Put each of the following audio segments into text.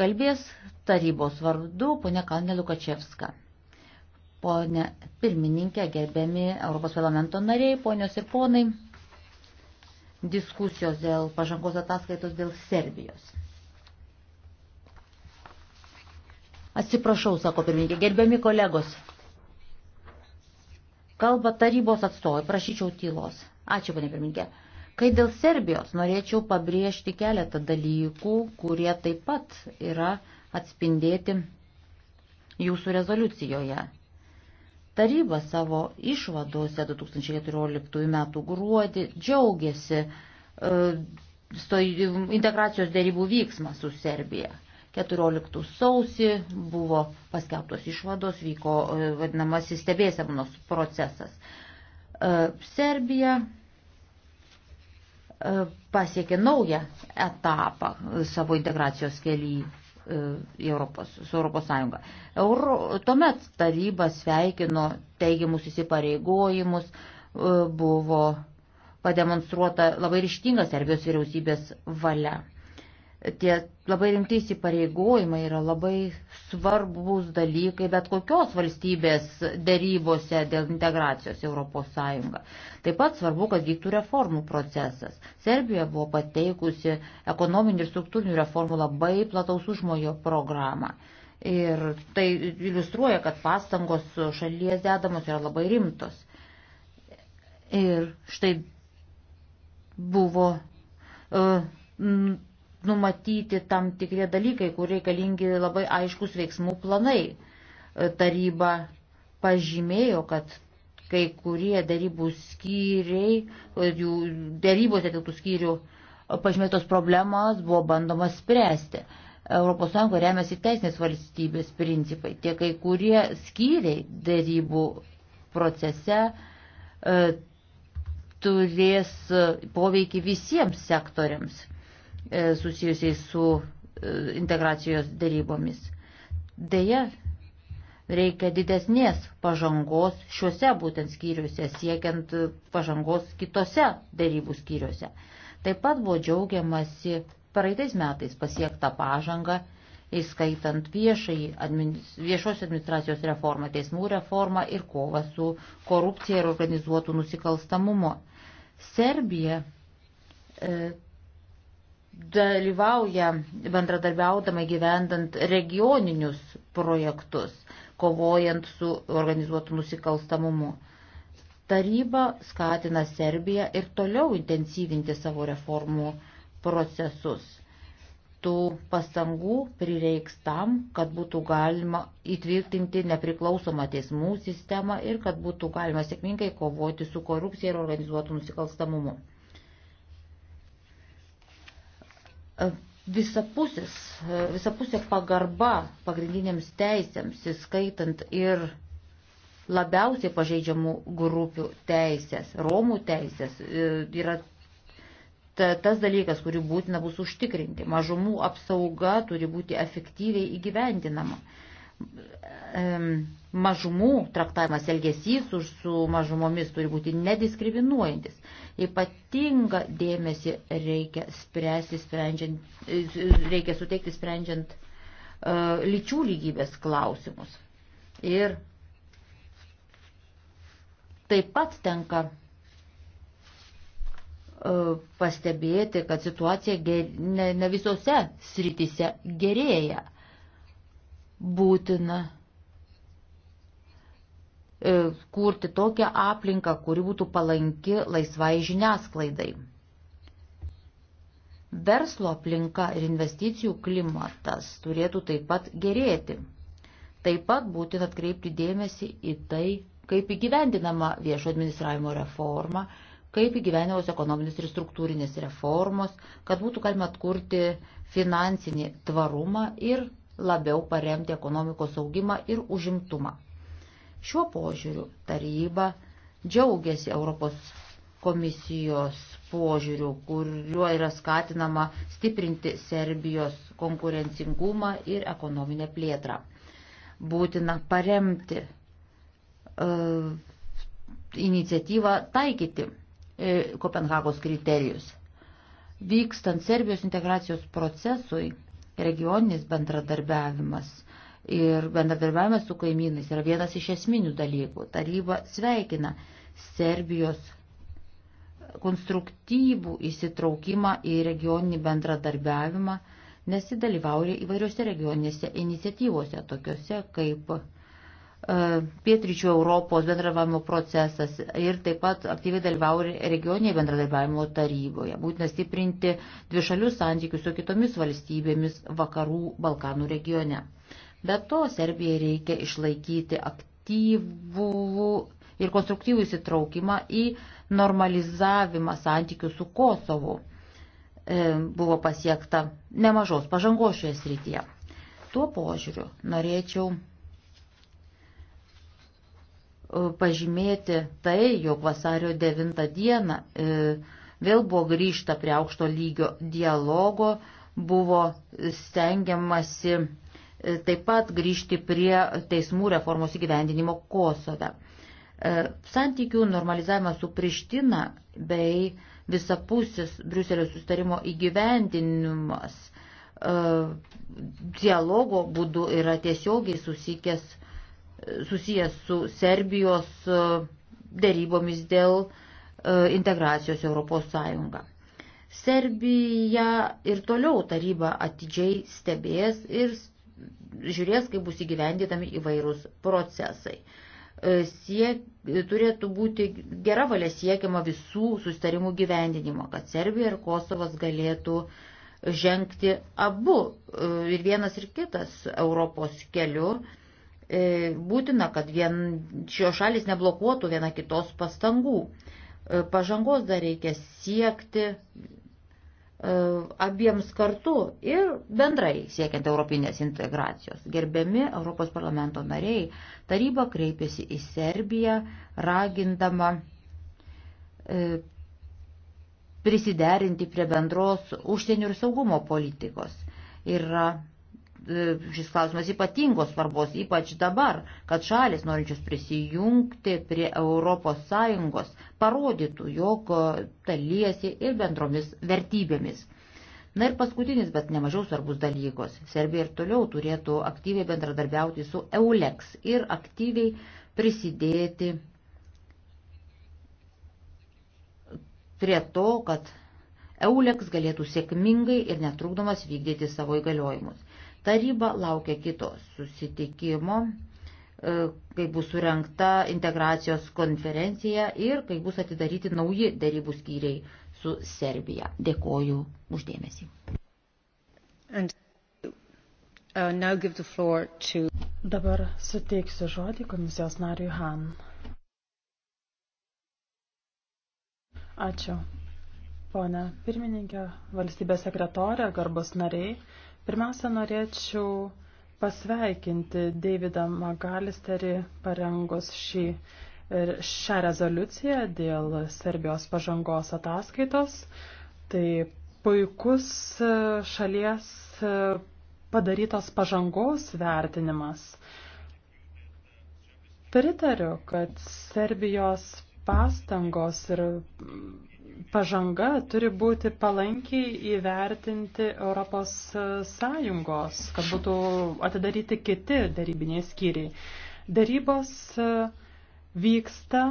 Kalbės tarybos vardu ponė Kalnė Lukačevska. Pone pirmininkė, gerbiami Europos parlamento nariai, ponios ir ponai, diskusijos dėl pažangos ataskaitos dėl Serbijos. Atsiprašau, sako pirmininkė, gerbiami kolegos. Kalba tarybos atstovai, prašyčiau tylos. Ačiū, ponė pirmininkė. Kai dėl Serbijos norėčiau pabrėžti keletą dalykų, kurie taip pat yra atspindėti jūsų rezoliucijoje. Taryba savo išvadose 2014 m. gruodį džiaugiasi e, integracijos dėrybų vyksmą su Serbija. 14 sausį buvo paskelbtos išvados, vyko e, vadinamasis stebėsenos procesas. E, Serbija E, pasiekė naują etapą savo integracijos kelyje. Europos, su Europos Sąjunga. Euro, tuomet taryba sveikino teigiamus įsipareigojimus, e, buvo pademonstruota labai ryštinga Serbijos vyriausybės valia. Tie labai rimti įsipareigojimai yra labai svarbus dalykai bet kokios valstybės dėrybose dėl integracijos Europos Sąjunga. Taip pat svarbu, kad vyktų reformų procesas. Serbija buvo pateikusi ekonominių ir struktūrinių reformų labai plataus užmojo programą. Ir tai iliustruoja, kad pastangos šalies dedamos yra labai rimtos. Ir štai buvo. Uh, e, m, numatyti tam tikrie dalykai, kur reikalingi labai aiškus veiksmų planai. E, taryba pažymėjo, kad kai kurie darybų skyriai, e, jų darybose atliktų skyrių pažymėtos problemas buvo bandoma spręsti. ES remiasi teisinės valstybės principai. Tie kai kurie skyriai darybų procese e, turės poveikį visiems sektoriams. E, susijusiais su e, integracijos dėrybomis. Deja, reikia didesnės pažangos šiuose būtent skyriuose, siekiant pažangos kitose dėrybų skyriuose. Taip pat buvo džiaugiamasi praeitais metais pasiektą pažangą, įskaitant viešai, administ, viešos administracijos reformą, teismų reformą ir kovą su korupcija ir organizuotų nusikalstamumo. Serbija e, dalyvauja bendradarbiaudama gyvendant regioninius projektus, kovojant su organizuotu nusikalstamumu. Taryba skatina Serbiją ir toliau intensyvinti savo reformų procesus. Tų pastangų prireiks tam, kad būtų galima įtvirtinti nepriklausomą teismų sistemą ir kad būtų galima sėkmingai kovoti su korupcija ir organizuotu nusikalstamumu. visapusės, visapusė pagarba pagrindinėms teisėms, įskaitant ir labiausiai pažeidžiamų grupių teisės, Romų teisės, e, yra tas dalykas, kurį būtina bus užtikrinti. Mažumų apsauga turi būti efektyviai įgyvendinama mažumų traktavimas elgesys už su mažumomis turi būti nediskriminuojantis. Ypatinga dėmesį reikia, spręsti, sprendžiant, e, reikia suteikti sprendžiant uh, lyčių lygybės klausimus. Ir taip pat tenka uh, pastebėti, kad situacija ger, ne, ne visose sritise gerėja būtina e, kurti tokią aplinką, kuri būtų palanki laisvai žiniasklaidai. Verslo aplinka ir investicijų klimatas turėtų taip pat gerėti. Taip pat būtina atkreipti dėmesį į tai, kaip įgyvendinama viešo administravimo reforma, kaip įgyvenimos ekonominės ir struktūrinės reformos, kad būtų galima atkurti finansinį tvarumą ir labiau paremti ekonomikos augimą ir užimtumą. Šiuo požiūriu taryba džiaugiasi Europos komisijos požiūriu, kuriuo yra skatinama stiprinti Serbijos konkurencingumą ir ekonominę plėtrą. Būtina paremti e, iniciatyvą taikyti e, Kopenhagos kriterijus. Vykstant Serbijos integracijos procesui, regioninis bendradarbiavimas ir bendradarbiavimas su kaimynais yra vienas iš esminių dalykų. Taryba sveikina Serbijos konstruktyvų įsitraukimą į regioninį bendradarbiavimą, nes įdalyvauja įvairiose regioninėse iniciatyvose, tokiuose kaip E, pietryčių Europos bendradarbiavimo procesas ir taip pat aktyviai dalyvauja regioniai bendradarbiavimo taryboje. Būtina stiprinti dvišalius santykius su kitomis valstybėmis vakarų Balkanų regione. Be to, Serbijai reikia išlaikyti aktyvų ir konstruktyvų įsitraukimą į normalizavimą santykių su Kosovu. E, buvo pasiekta nemažos pažangos šioje srityje. Tuo požiūriu norėčiau pažymėti tai, jog vasario 9 dieną e, vėl buvo grįžta prie aukšto lygio dialogo, buvo stengiamasi e, taip pat grįžti prie teismų reformos įgyvendinimo Kosove. E, santykių normalizavimas su Priština bei visapusis Briuselio sustarimo įgyvendinimas dialogo būdu yra tiesiogiai susikęs susijęs su Serbijos e, dėrybomis dėl e, integracijos Europos Sąjungą. Serbija ir toliau taryba atidžiai stebės ir žiūrės, kaip bus įgyvendinami įvairūs procesai. E, siek, turėtų būti gera valia siekiama visų sustarimų gyvendinimo, kad Serbija ir Kosovas galėtų žengti abu ir vienas ir kitas Europos keliu E, būtina, kad vien šios šalis neblokuotų viena kitos pastangų. E, pažangos dar reikia siekti e, abiems kartu ir bendrai siekiant europinės integracijos. Gerbiami Europos parlamento nariai, taryba kreipėsi į Serbiją, ragindama prisiderinti prie bendros užsienio ir saugumo politikos. Yra E, šis klausimas ypatingos svarbos, ypač dabar, kad šalis norinčios prisijungti prie ES parodytų, jog e, dalyjasi ir bendromis vertybėmis. Na ir paskutinis, bet nemažiau svarbus dalykos. Serbija ir toliau turėtų aktyviai bendradarbiauti su EULEX ir aktyviai prisidėti prie to, kad EULEX galėtų sėkmingai ir netrukdomas vykdyti savo įgaliojimus. Taryba laukia kito susitikimo, e, kai bus surenkta integracijos konferencija ir kai bus atidaryti nauji darybų skyriai su Serbija. Dėkoju uždėmesį. And, uh, to... Dabar suteiksiu žodį komisijos nariui Han. Ačiū. Pone pirmininkė, valstybės sekretorė, garbus nariai, Pirmiausia, norėčiau pasveikinti Davidą Magalisterį parengus šį, šią rezoliuciją dėl Serbijos pažangos ataskaitos. Tai puikus šalies padarytos pažangos vertinimas. Pritariu, kad Serbijos pastangos ir pažanga turi būti palankiai įvertinti Europos Sąjungos, kad būtų atidaryti kiti darybiniai skyriai. Darybos e, vyksta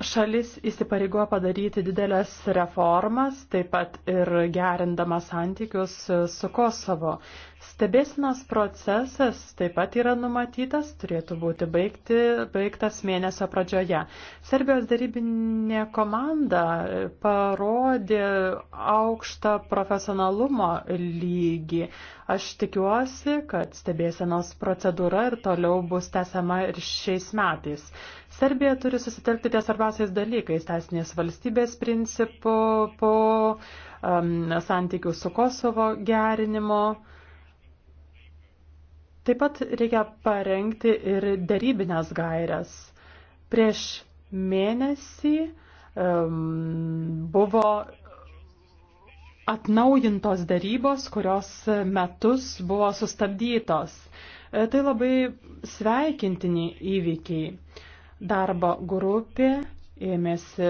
Šalis įsipareigoja padaryti didelės reformas, taip pat ir gerindama santykius su Kosovo. Stebėsinas procesas taip pat yra numatytas, turėtų būti baigti, baigtas mėnesio pradžioje. Serbijos darybinė komanda parodė aukštą profesionalumo lygį, Aš tikiuosi, kad stebėsenos procedūra ir toliau bus tęsiama ir šiais metais. Serbija turi susitelkti ties svarbiausiais dalykais - teisinės valstybės principų, po um, santykių su Kosovo gerinimo. Taip pat reikia parengti ir darybinės gairias. Prieš mėnesį um, buvo atnaujintos darybos, kurios metus buvo sustabdytos. E, tai labai sveikintini įvykiai. Darbo grupė ėmėsi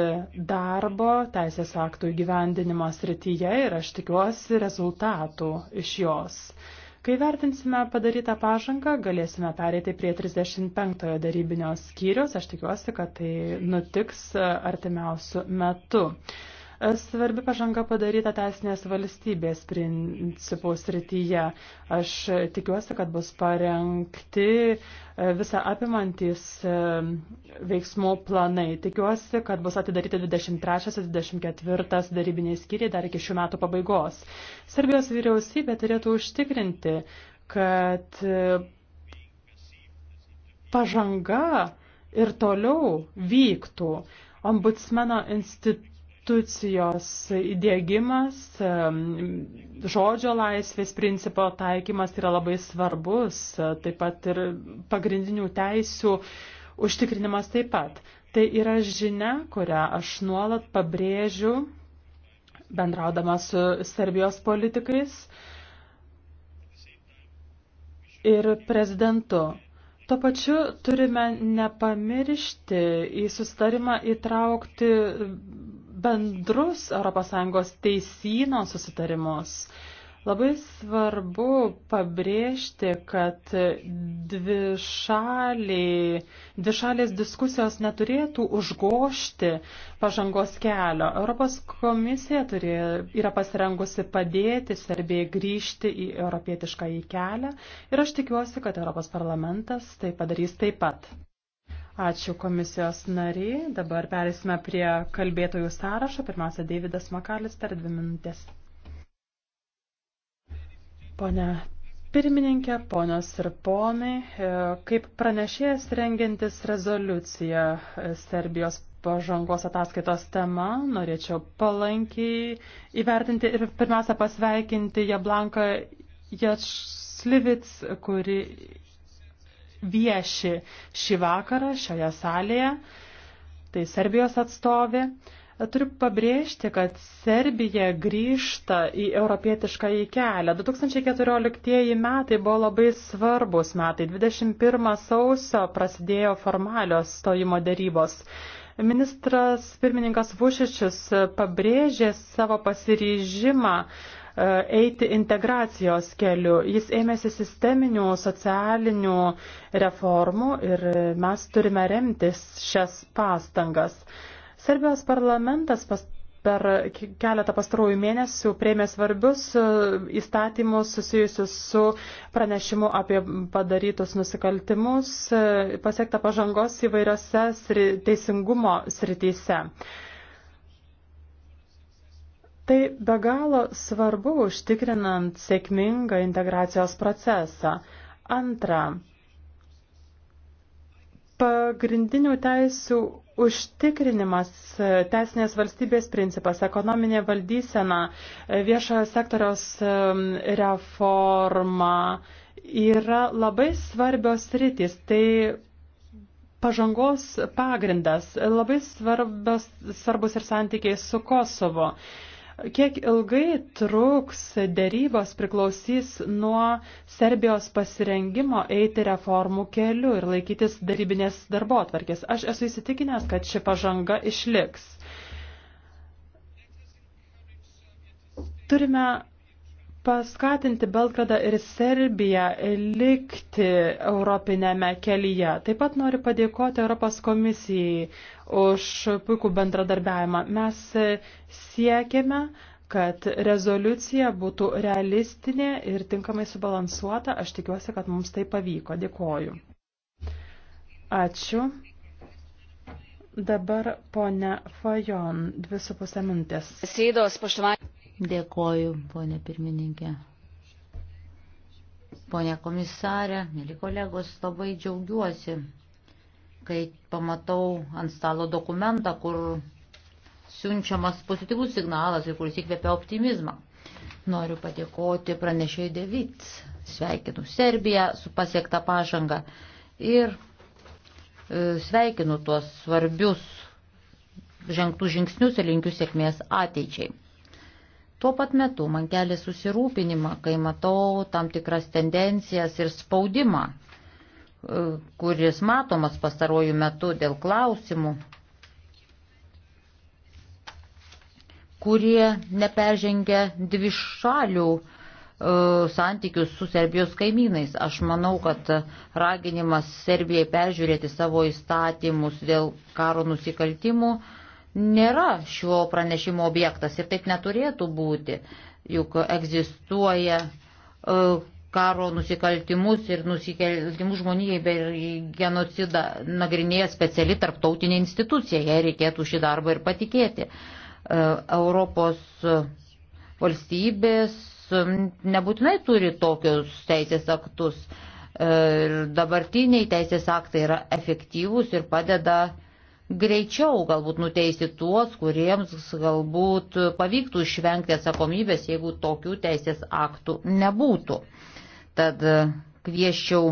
darbo teisės aktų įgyvendinimo srityje ir aš tikiuosi rezultatų iš jos. Kai vertinsime padarytą pažangą, galėsime pereiti prie 35-ojo darybinio skyrius. Aš tikiuosi, kad tai nutiks artimiausių metų. Svarbi pažanga padaryta teisinės valstybės principų srityje. Aš tikiuosi, kad bus parengti e, visą apimantys e, veiksmų planai. Tikiuosi, kad bus atidaryti 23-24 darybiniai skyriai dar iki šių metų pabaigos. Serbijos vyriausybė turėtų užtikrinti, kad e, pažanga ir toliau vyktų. Ombudsmeno institucija konstitucijos įdėgymas, žodžio laisvės principo taikymas yra labai svarbus, taip pat ir pagrindinių teisių užtikrinimas taip pat. Tai yra žinia, kurią aš nuolat pabrėžiu, bendraudama su Serbijos politikais ir prezidentu. Tuo pačiu turime nepamiršti į sustarimą įtraukti bendrus ES teisino susitarimus. Labai svarbu pabrėžti, kad dvišaliai, dvišalės diskusijos neturėtų užgošti pažangos kelio. Europos komisija turė, yra pasirengusi padėti Serbijai grįžti į europietišką į kelią ir aš tikiuosi, kad Europos parlamentas tai padarys taip pat. Ačiū komisijos nariai. Dabar perėsime prie kalbėtojų sąrašo. Pirmiausia, Davidas Makalis per dvi minutės. Pone pirmininkė, ponios ir ponai, e, kaip pranešėjas rengiantis rezoliuciją e, Serbijos pažangos ataskaitos tema, norėčiau palankiai įvertinti ir pirmiausia pasveikinti Jablanką Jačslivic, kuri vieši šį vakarą šioje salėje, tai Serbijos atstovė. Turiu pabrėžti, kad Serbija grįžta į europietišką į kelią. 2014 metai buvo labai svarbus metai. 21 sausio prasidėjo formalios stojimo darybos. Ministras pirmininkas Vušičius pabrėžė savo pasiryžimą uh, eiti integracijos keliu. Jis ėmėsi sisteminių socialinių reformų ir mes turime remtis šias pastangas. Serbijos parlamentas pas, per keletą pastarųjų mėnesių prieimė svarbius e, įstatymus susijusius su pranešimu apie padarytus nusikaltimus, e, pasiektą pažangos įvairiose sri, teisingumo srityse. Tai be galo svarbu užtikrinant sėkmingą integracijos procesą. Antra, pagrindinių teisių užtikrinimas, teisinės valstybės principas, ekonominė valdysena, viešojo sektoriaus reforma yra labai svarbios rytis. Tai pažangos pagrindas, labai svarbios, svarbus ir santykiai su Kosovo. Kiek ilgai truks dėrybos priklausys nuo Serbijos pasirengimo eiti reformų keliu ir laikytis darybinės darbo atvarkės. Aš esu įsitikinęs, kad ši pažanga išliks. Turime paskatinti Belgradą ir Serbiją likti europinėme kelyje. Taip pat noriu padėkoti Europos komisijai už puikų bendradarbiavimą. Mes siekėme, kad rezoliucija būtų realistinė ir tinkamai subalansuota. Aš tikiuosi, kad mums tai pavyko. Dėkoju. Ačiū. Dabar ponia Fajon, dvi su pusė minutės. Sėdos, paštumai. Dėkoju, ponė pirmininkė. Pone komisarė, mėly kolegos, labai džiaugiuosi, kai pamatau ant stalo dokumentą, kur siunčiamas pozityvus signalas ir kuris įkvėpia optimizmą. Noriu padėkoti pranešėjai Devic, sveikinu Serbiją su pasiektą pažangą ir e, sveikinu tuos svarbius žengtų žingsnius ir linkiu sėkmės ateičiai. Tuo pat metu man kelia susirūpinimą, kai matau tam tikras tendencijas ir spaudimą, e, kuris matomas pastarojų metų dėl klausimų, kurie neperžengia dvišalių e, santykių su Serbijos kaimynais. Aš manau, kad raginimas Serbijai peržiūrėti savo įstatymus dėl karo nusikaltimų nėra šio pranešimo objektas ir taip neturėtų būti, juk egzistuoja e, karo nusikaltimus ir nusikaltimus žmonijai bei genocidą nagrinėja speciali tarptautinė institucija, jai reikėtų šį darbą ir patikėti. E, Europos valstybės nebūtinai turi tokius teisės aktus. E, ir dabartiniai teisės aktai yra efektyvūs ir padeda uh, greičiau galbūt nuteisti tuos, kuriems galbūt pavyktų išvengti atsakomybės, jeigu tokių teisės aktų nebūtų. Tad e, kvieščiau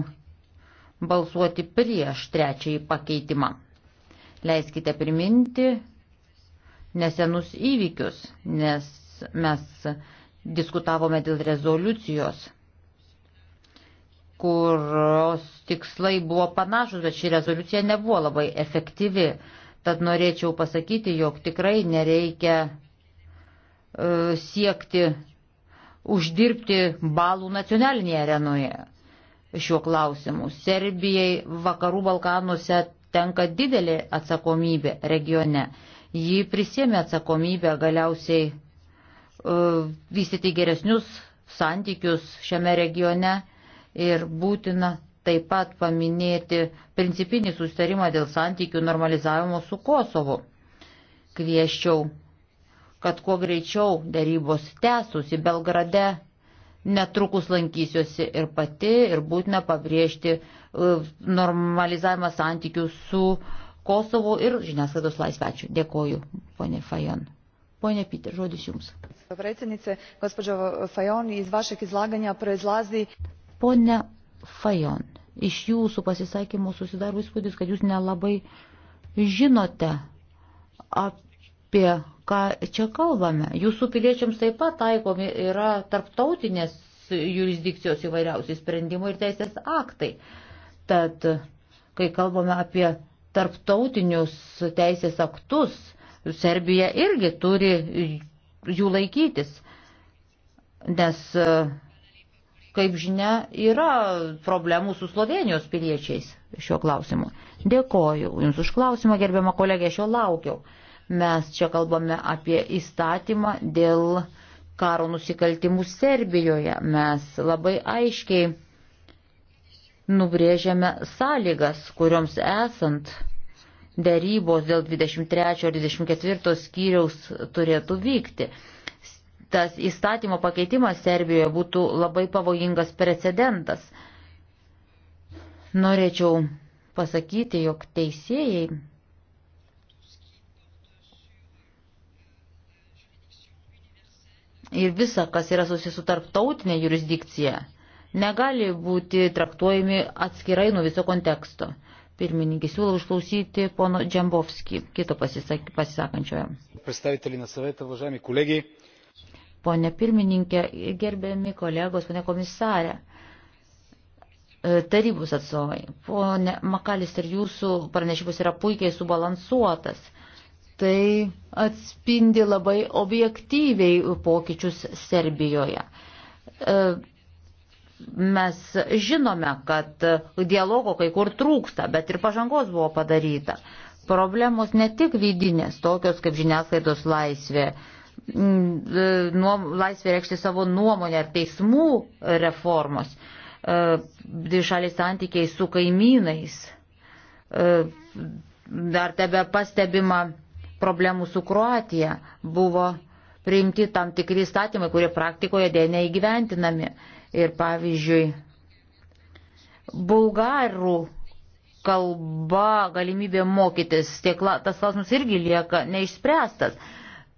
balsuoti prieš trečiąjį pakeitimą. Leiskite priminti nesenus įvykius, nes mes diskutavome dėl rezoliucijos kurios tikslai buvo panašus, bet ši rezoliucija nebuvo labai efektyvi. Tad norėčiau pasakyti, jog tikrai nereikia e, siekti uždirbti balų nacionalinėje arenoje šiuo klausimu. Serbijai vakarų Balkanuose tenka didelė atsakomybė regione. Ji prisėmė atsakomybę galiausiai uh, vystyti geresnius santykius šiame regione ir būtina taip pat paminėti principinį sustarimą dėl santykių normalizavimo su Kosovu. Kvieščiau, kad kuo greičiau darybos tęstųsi Belgrade, netrukus lankysiuosi ir pati ir būtina pabrėžti e, normalizavimą santykių su Kosovu ir žiniasklaidos laisvečių. Dėkoju, ponė Fajon. Pone Piter, žodis jums. Predsjednice, gospođo Fajon, iz vašeg izlaganja proizlazi Pone Fajon, iš jūsų pasisakymų susidaro įspūdis, kad jūs nelabai žinote apie ką čia kalbame. Jūsų piliečiams taip pat taikomi yra tarptautinės jurisdikcijos įvairiausi sprendimai ir teisės aktai. Tad, kai kalbame apie tarptautinius teisės aktus, Serbija irgi turi jų laikytis, nes kaip žinia, yra problemų su Slovenijos piliečiais šiuo klausimu. Dėkoju Jums už klausimą, gerbiama kolegė, aš jo laukiau. Mes čia kalbame apie įstatymą dėl karo nusikaltimų Serbijoje. Mes labai aiškiai nubrėžiame sąlygas, kurioms esant dėrybos dėl 23 ar 24 skyriaus turėtų vykti tas įstatymo pakeitimas Serbijoje būtų labai pavojingas precedentas. Norėčiau pasakyti, jog teisėjai ir visa, kas yra susijusi su tarptautinė jurisdikcija, negali būti traktuojami atskirai nuo viso konteksto. Pirmininkį siūlau išklausyti pono Džembovskį, kito pasisakančiojo. Представители на съвета, уважаеми колеги, ponė pirmininkė, gerbiami kolegos, ponė komisarė, e, tarybos atstovai. Ponė Makalis ir jūsų pranešimus yra puikiai subalansuotas. Tai atspindi labai objektyviai pokyčius Serbijoje. E, mes žinome, kad dialogo kai kur trūksta, bet ir pažangos buvo padaryta. Problemos ne tik vidinės, tokios kaip žiniasklaidos laisvė, Mm, e, laisvė reikšti savo nuomonę ar teismų reformos, e, dvišaliai santykiai su kaimynais, e, dar tebe pastebima problemų su Kroatija, buvo priimti tam tikri įstatymai, kurie praktikoje dėja neįgyventinami. Ir pavyzdžiui, bulgarų kalba, galimybė mokytis, tiek tas klausimas irgi lieka neišspręstas.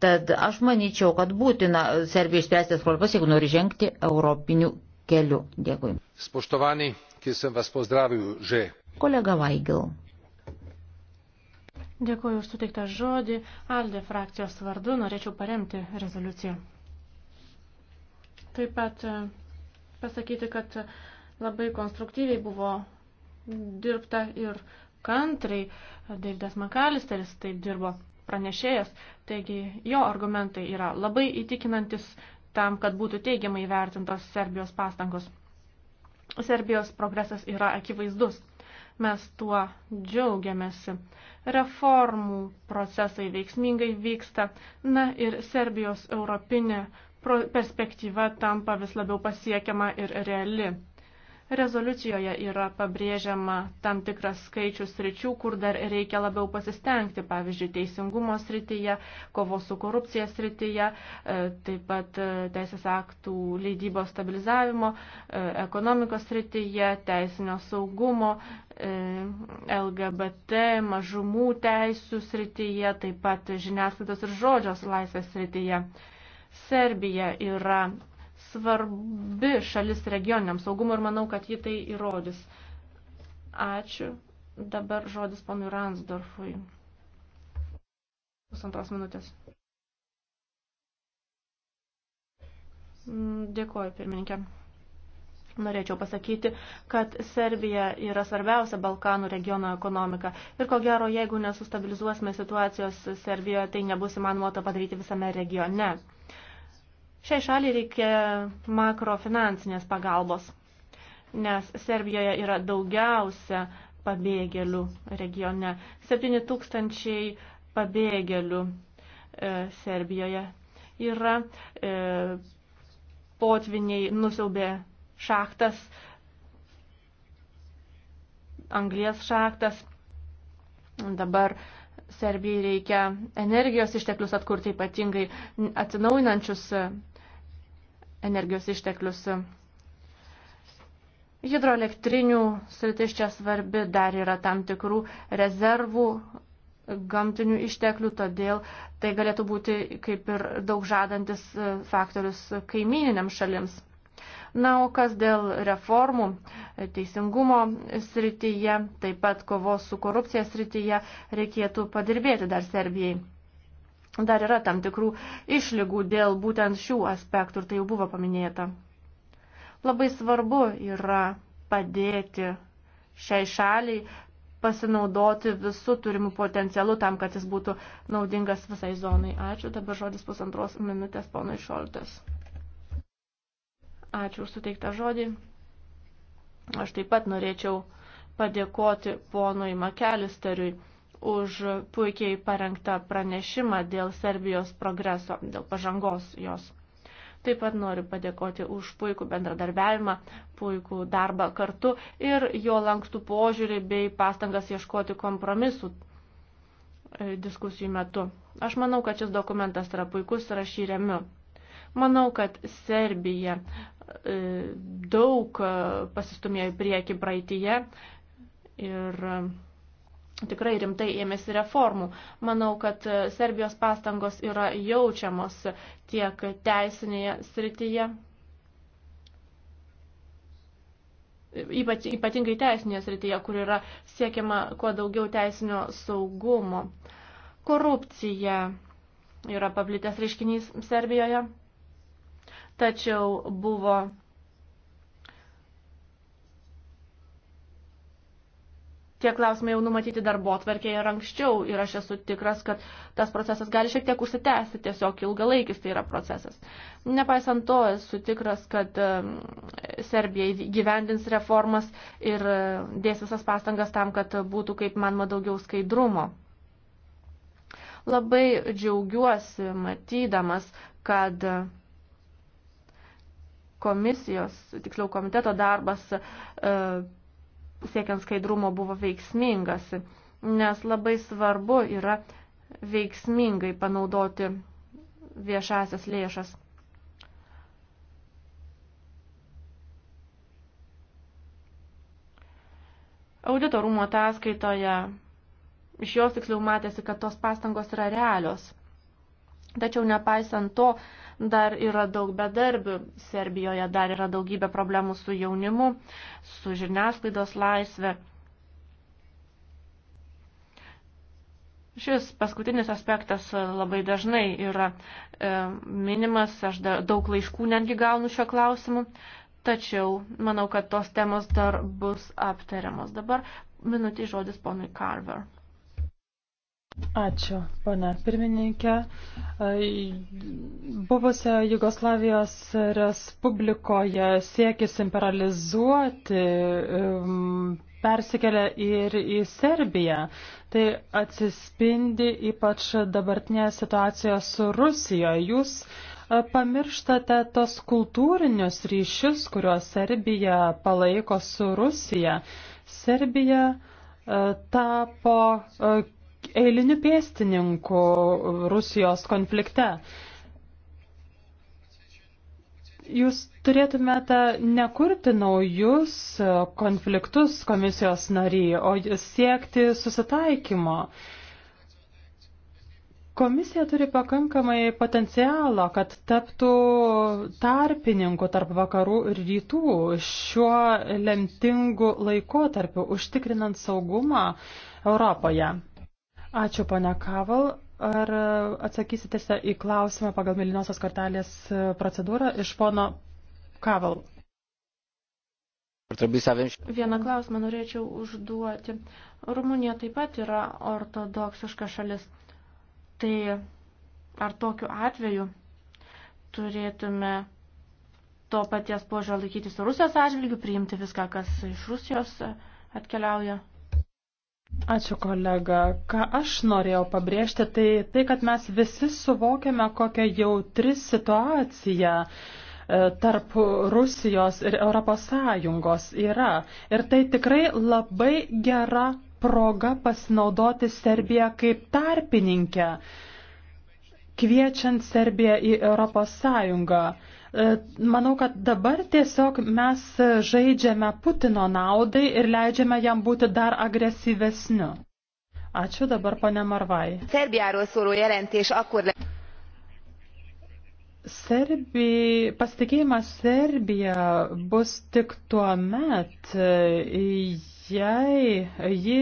Tad aš manyčiau, kad būtina Serbija išspręstis problemas, jeigu nori žengti europiniu keliu. Dėkui. Spoštovani, ki sem vas pozdravil že. Kolega Vaigil. Dėkuoju už suteiktą žodį. Alde frakcijos vardu norėčiau paremti rezoliuciją. Taip pat e, pasakyti, kad labai konstruktyviai buvo dirbta ir kantrai. Davidas Makalisteris tai taip dirbo pranešėjas, taigi jo argumentai yra labai įtikinantis tam, kad būtų teigiamai vertintos Serbijos pastangos. Serbijos progresas yra akivaizdus. Mes tuo džiaugiamėsi. Reformų procesai veiksmingai vyksta, na ir Serbijos europinė perspektyva tampa vis labiau pasiekiama ir reali. Rezoliucijoje yra pabrėžiama tam tikras skaičius sričių, kur dar reikia labiau pasistengti, pavyzdžiui, teisingumo srityje, kovos su korupcija srityje, e, taip pat e, teisės aktų leidybos stabilizavimo, e, ekonomikos srityje, teisinio saugumo, LGBT, mažumų teisų srityje, taip pat žiniasklaidos ir žodžios laisvės srityje. Serbija yra svarbi šalis regioniniam saugumui ir manau, kad ji tai įrodys. Ačiū. Dabar žodis ponui Ransdorfui. Pusantros minutės. Dėkuoju, pirmininkė. Norėčiau pasakyti, kad Serbija yra svarbiausia Balkanų regiono ekonomika ir ko gero, jeigu nesustabilizuosime situacijos Serbijoje, tai nebus įmanoma to padaryti visame regione. Šiai šaliai reikia makrofinansinės pagalbos, nes Serbijoje yra daugiausia pabėgėlių regione. 7 tūkstančiai pabėgėlių e, Serbijoje yra. E, potviniai nusiaubė šachtas, anglies šachtas. Dabar Serbijai reikia energijos išteklius atkurti ypatingai atsinaujinančius energijos išteklius. Hidroelektrinių sritis čia svarbi, dar yra tam tikrų rezervų gamtinių išteklių, todėl tai galėtų būti kaip ir daug žadantis e, faktorius kaimininiam šalims. Na, o kas dėl reformų e, teisingumo srityje, taip pat kovos su korupcija srityje, reikėtų padirbėti dar Serbijai dar yra tam tikrų išlygų dėl būtent šių aspektų ir tai jau buvo paminėta. Labai svarbu yra padėti šiai šaliai pasinaudoti visų turimų potencialų tam, kad jis būtų naudingas visai zonai. Ačiū. Dabar žodis pusantros minutės ponui Šoltas. Ačiū už suteiktą žodį. Aš taip pat norėčiau padėkoti ponui Makelisteriui už puikiai parengtą pranešimą dėl Serbijos progreso, dėl pažangos jos. Taip pat noriu padėkoti už puikų bendradarbiavimą, puikų darbą kartu ir jo lankstų požiūrį bei pastangas ieškoti kompromisų e, diskusijų metu. Aš manau, kad šis dokumentas yra puikus ir aš jį remiu. Manau, kad Serbija e, daug e, pasistumėjo į priekį praeitįje ir tikrai rimtai ėmėsi reformų. Manau, kad e, Serbijos pastangos yra jaučiamos tiek teisinėje srityje, ypač, ypatingai teisinėje srityje, kur yra siekiama kuo daugiau teisinio saugumo. Korupcija yra paplitęs reiškinys Serbijoje, tačiau buvo Tie klausimai jau numatyti darbo tvarkėje ir anksčiau ir aš esu tikras, kad tas procesas gali šiek tiek užsitęsti, tiesiog ilgalaikis tai yra procesas. Nepaisant to, esu tikras, kad Serbija gyvendins reformas ir e, dės visas pastangas tam, kad būtų kaip manoma daugiau skaidrumo. Labai džiaugiuosi matydamas, kad e, komisijos, tiksliau komiteto darbas e, siekiant skaidrumo buvo veiksmingas, nes labai svarbu yra veiksmingai panaudoti viešasias lėšas. Audito rūmo ataskaitoje iš jos tiksliau matėsi, kad tos pastangos yra realios. Tačiau nepaisant to, dar yra daug bedarbių. Serbijoje dar yra daugybė problemų su jaunimu, su žiniasklaidos laisvė. Šis paskutinis aspektas labai dažnai yra e, minimas, aš da, daug laiškų netgi gaunu šio klausimu, tačiau manau, kad tos temos dar bus aptariamos. Dabar minutį žodis ponui Carver. Ačiū, pana pirmininkė. Buvusio Jugoslavijos Respublikoje siekis imperializuoti um, persikelia ir į Serbiją. Tai atsispindi ypač dabartinėje situacijoje su Rusija. Jūs pamirštate tos kultūrinius ryšius, kuriuos Serbija palaiko su Rusija. Serbija tapo eiliniu pėstininku Rusijos konflikte. Jūs turėtumėte nekurti naujus konfliktus komisijos nary, o siekti susitaikymo. Komisija turi pakankamai potencialo, kad taptų tarpininku tarp vakarų ir rytų šiuo lemtingu laikotarpiu, užtikrinant saugumą Europoje. Ačiū, pane Kaval. Ar atsakysite į klausimą pagal Melinosios kortelės procedūrą iš pono Kaval? Vieną klausimą norėčiau užduoti. Rumunija taip pat yra ortodoksiška šalis. Tai ar tokiu atveju turėtume to paties požiūrio laikytis Rusijos atžvilgių, priimti viską, kas iš Rusijos atkeliauja? Ačiū kolega. Ką aš norėjau pabrėžti, tai tai, kad mes visi suvokiame, kokia jautri situacija e, tarp Rusijos ir Europos Sąjungos yra. Ir tai tikrai labai gera proga pasinaudoti Serbiją kaip tarpininkę, kviečiant Serbiją į Europos Sąjungą. E, manau, kad dabar tiesiog mes žaidžiame Putino naudai ir leidžiame jam būti dar agresyvesniu. Ačiū dabar, pane Marvai. Serbijáról szóló jelentés akkor le... Serbi... Pasitikėjimas Serbija bus tik tuo met, e, jei ji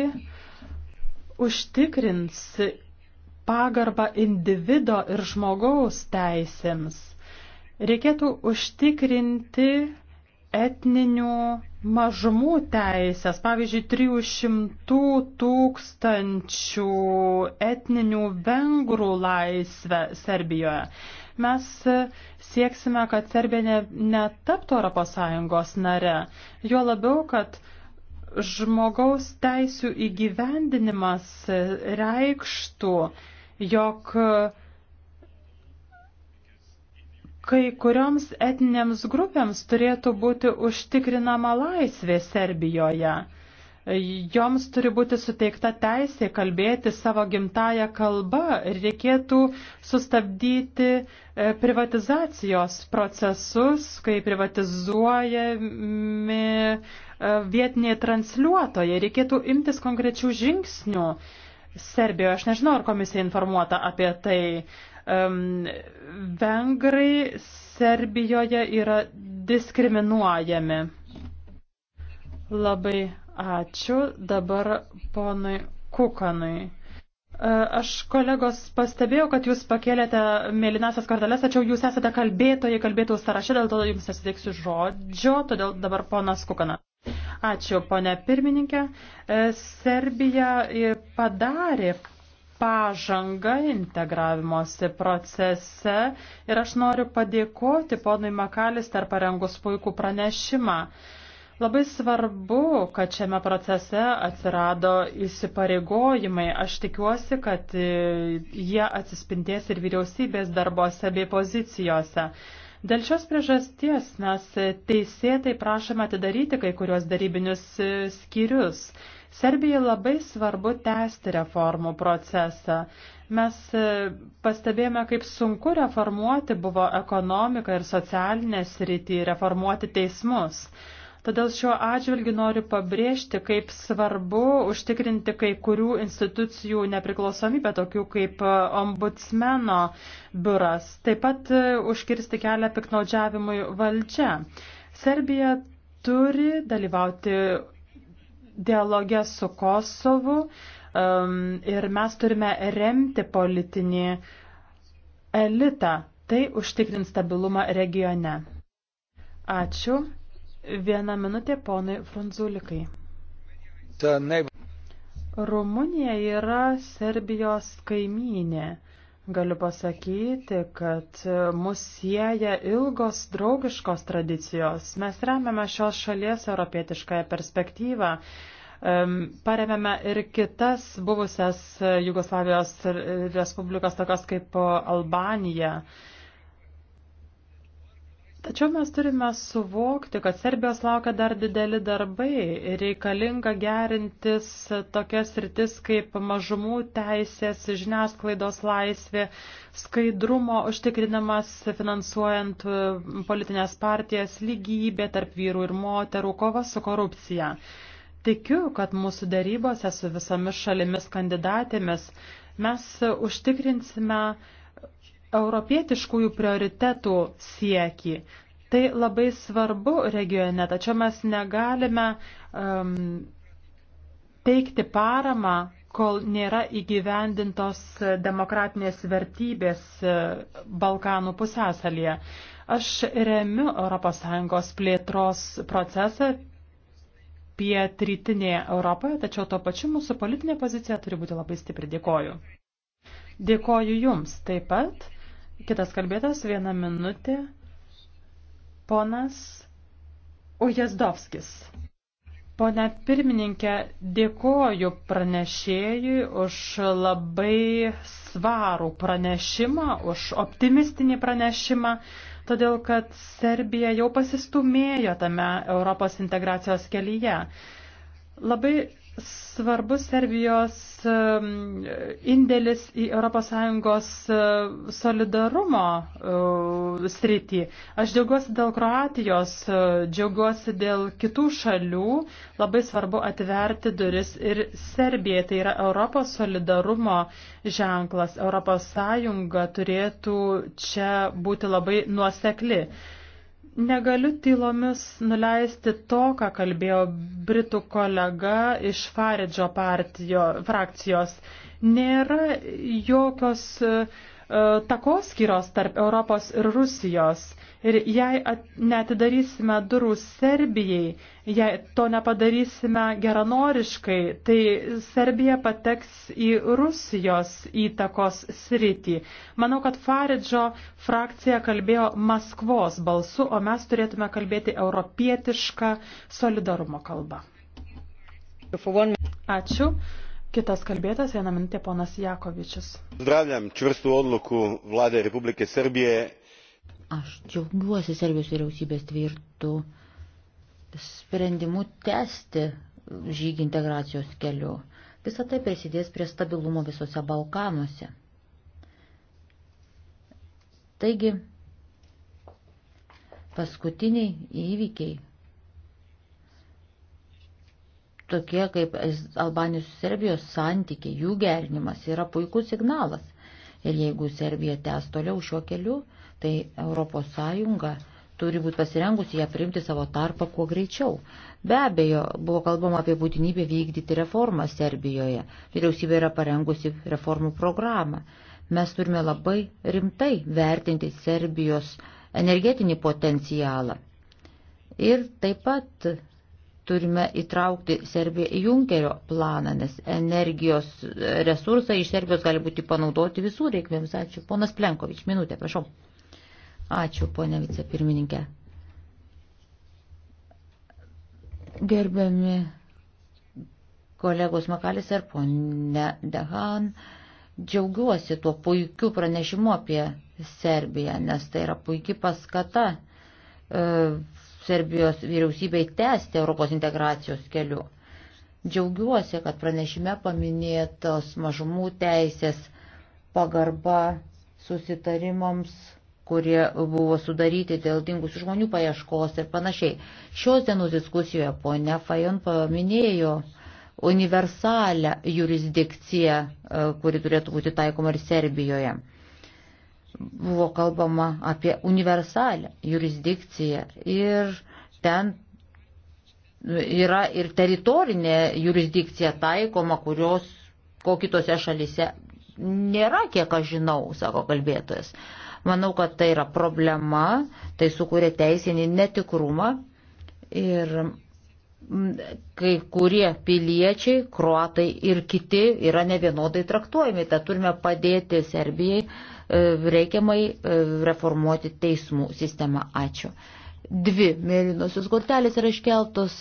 užtikrins pagarbą individo ir žmogaus teisėms. Reikėtų užtikrinti etninių mažumų teisės, pavyzdžiui, 300 tūkstančių etninių vengrų laisvę Serbijoje. Mes sieksime, kad Serbija ne, netaptų ES nare, jo labiau, kad žmogaus teisų įgyvendinimas reikštų, jog kai kurioms etinėms grupėms turėtų būti užtikrinama laisvė Serbijoje. Joms turi būti suteikta teisė kalbėti savo gimtają kalbą ir reikėtų sustabdyti e, privatizacijos procesus, kai privatizuojami e, vietiniai transliuotojai. Reikėtų imtis konkrečių žingsnių. Serbijoje, aš nežinau, ar komisija informuota apie tai. Vengrai Serbijoje yra diskriminuojami. Labai ačiū dabar ponui Kukanui. E, aš kolegos pastebėjau, kad jūs pakėlėte mėlynasias korteles, tačiau jūs esate kalbėtojai, kalbėtojų sąraše, dėl to jums nesiteiksiu žodžio, todėl dabar ponas Kukana. Ačiū, ponė pirmininkė. E, Serbija padarė pažangą integravimosi procese ir aš noriu padėkoti ponui Makalister parengus puikų pranešimą. Labai svarbu, kad šiame procese atsirado įsipareigojimai. Aš tikiuosi, kad e, jie atsispindės ir vyriausybės darbose bei pozicijose. Dėl šios priežasties mes teisėtai prašome atidaryti kai kurios darybinius e, skyrius. Serbijai labai svarbu tęsti reformų procesą. Mes e, pastebėjome, kaip sunku reformuoti buvo ekonomiką ir socialinę sritį, reformuoti teismus. Todėl šiuo atžvilgiu noriu pabrėžti, kaip svarbu užtikrinti kai kurių institucijų nepriklausomybę, tokių kaip ombudsmeno biuras, taip pat e, užkirsti kelią piknaudžiavimui valdžia. Serbija turi dalyvauti dialoge su Kosovu um, ir mes turime remti politinį elitą. Tai užtikrins stabilumą regione. Ačiū. Viena minutė ponui Frunzulikai. Rumunija yra Serbijos kaimynė. Galiu pasakyti, kad mus sieja ilgos draugiškos tradicijos. Mes remiame šios šalies europietiškąją perspektyvą. Paremėme ir kitas buvusias Jugoslavijos Respublikas, tokios kaip Albanija. Tačiau mes turime suvokti, kad Serbijos laukia dar dideli darbai. Reikalinga gerintis tokias rytis kaip mažumų teisės, žiniasklaidos laisvė, skaidrumo užtikrinimas finansuojant politinės partijas, lygybė tarp vyrų ir moterų, kova su korupcija. Tikiu, kad mūsų darybose su visomis šalimis kandidatėmis mes užtikrinsime europietiškųjų prioritetų siekį. Tai labai svarbu regione, tačiau mes negalime um, teikti paramą, kol nėra įgyvendintos demokratinės vertybės uh, Balkanų pusęsalyje. Aš remiu ES plėtros procesą pietrytinėje Europoje, tačiau tuo pačiu mūsų politinė pozicija turi būti labai stipri. Dėkoju. Dėkoju Jums taip pat. Kitas kalbėtas viena minutė. Ponas Ujazdovskis. Pone pirmininkė, dėkoju pranešėjui už labai svarų pranešimą, už optimistinį pranešimą, todėl kad Serbija jau pasistumėjo tame Europos integracijos kelyje. Labai svarbus Serbijos um, indėlis į ES uh, solidarumo uh, sritį. Aš džiaugiuosi dėl Kroatijos, uh, džiaugiuosi dėl kitų šalių. Labai svarbu atverti duris ir Serbijai. Tai yra Europos solidarumo ženklas. ES turėtų čia būti labai nuosekli. Negaliu tylomis nuleisti to, ką kalbėjo Britų kolega iš Faridžo partijo, frakcijos. Nėra jokios uh, E, takoskyros tarp Europos ir Rusijos. Ir jei netidarysime durų Serbijai, jei to nepadarysime geranoriškai, tai Serbija pateks į Rusijos įtakos sritį. Manau, kad Faridžo frakcija kalbėjo Maskvos balsu, o mes turėtume kalbėti europietišką solidarumo kalbą. Ačiū. Kitas kalbėtas, vieną minutę, ponas Jakovičius. Zdravljam čvrstų odluku vladai Republikė Serbije. Aš džiaugiuosi Serbijos vyriausybės tvirtų sprendimų tęsti žygį integracijos keliu. Visą tai prisidės prie stabilumo visose Balkanuose. Taigi, paskutiniai įvykiai tokie kaip Albanijos ir Serbijos santykiai, jų gerinimas yra puikus signalas. Ir jeigu Serbija tęs toliau šiuo keliu, tai ES turi būti pasirengusi ją priimti savo tarpą kuo greičiau. Be abejo, buvo kalbama apie būtinybę vykdyti reformą Serbijoje. Vyriausybė yra parengusi reformų programą. Mes turime labai rimtai vertinti Serbijos energetinį potencialą. Ir taip pat turime įtraukti Serbiją į Junkerio planą, nes energijos resursai iš Serbijos gali būti panaudoti visų reikmėms. Ačiū. Ponas Plenkovič, minutė, prašau. Ačiū, ponė vicepirmininkė. Gerbiami kolegos Makalis ir ponė Dehan, džiaugiuosi tuo puikiu pranešimu apie Serbiją, nes tai yra puikia paskata e, Serbijos vyriausybei tęsti Europos integracijos keliu. Džiaugiuosi, kad pranešime paminėtos mažumų teisės pagarba susitarimams, kurie buvo sudaryti dėl dingusių žmonių paieškos ir panašiai. Šios dienos diskusijoje ponia Fajon paminėjo universalią jurisdikciją, e, kuri turėtų būti taikoma ir Serbijoje buvo kalbama apie universalią jurisdikciją ir ten yra ir teritorinė jurisdikcija taikoma, kurios ko kitose šalise nėra, kiek aš žinau, sako kalbėtojas. Manau, kad tai yra problema, tai sukuria teisinį netikrumą ir kai kurie piliečiai, kruatai ir kiti yra nevienodai traktuojami, tad turime padėti Serbijai E, reikiamai e, reformuoti teismų sistemą. Ačiū. Dvi mėlynosios kortelės yra iškeltos,